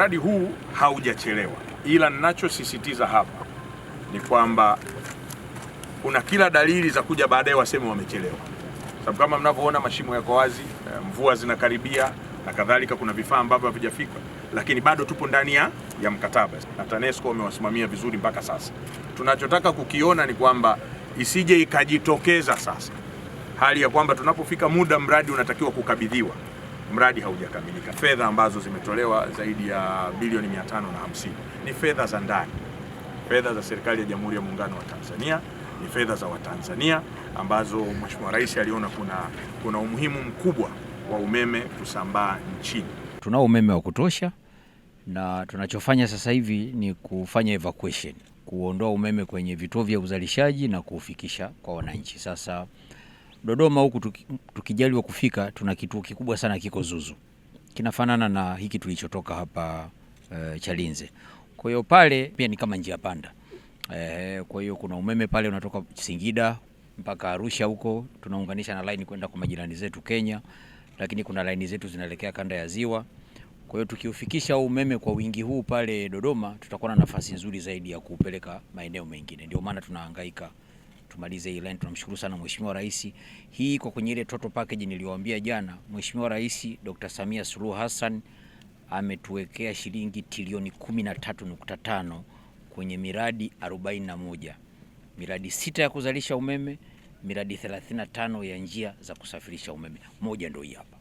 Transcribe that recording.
mradi huu haujachelewa, ila ninachosisitiza hapa ni kwamba kuna kila dalili za kuja baadaye waseme wamechelewa, sababu kama mnavyoona mashimo yako wazi, eh, mvua zinakaribia na kadhalika. Kuna vifaa ambavyo havijafika, lakini bado tupo ndani ya ya mkataba na TANESCO wamewasimamia vizuri mpaka sasa. Tunachotaka kukiona ni kwamba isije ikajitokeza sasa hali ya kwamba tunapofika muda mradi unatakiwa kukabidhiwa mradi haujakamilika. Fedha ambazo zimetolewa zaidi ya bilioni hamsini ni fedha za ndani, fedha za serikali ya Jamhuri ya Muungano wa Tanzania, ni fedha za Watanzania ambazo Mheshimiwa Rais aliona kuna, kuna umuhimu mkubwa wa umeme kusambaa nchini. Tunao umeme wa kutosha na tunachofanya sasa hivi ni kufanya evacuation, kuondoa umeme kwenye vituo vya uzalishaji na kuufikisha kwa wananchi sasa Dodoma huku tuki, tukijaliwa kufika, tuna kituo kikubwa sana kiko Zuzu, kinafanana na hiki tulichotoka hapa e, Chalinze. Kwa hiyo pale pia ni kama njia panda e, kwa hiyo kuna umeme pale unatoka Singida mpaka Arusha huko, tunaunganisha na line kwenda kwa majirani zetu Kenya, lakini kuna laini zetu zinaelekea kanda ya Ziwa. Kwa hiyo tukiufikisha umeme kwa wingi huu pale Dodoma, tutakuwa na nafasi nzuri zaidi ya kuupeleka maeneo mengine. Ndio maana tunahangaika tumalize hii line. Tunamshukuru sana Mheshimiwa Rais, hii kwa kwenye ile total package niliwaambia jana, Mheshimiwa Rais Dr. Samia Suluhu Hassan ametuwekea shilingi trilioni 13.5 kwenye miradi 41, miradi sita ya kuzalisha umeme, miradi 35 ya njia za kusafirisha umeme. Moja ndio hii hapa.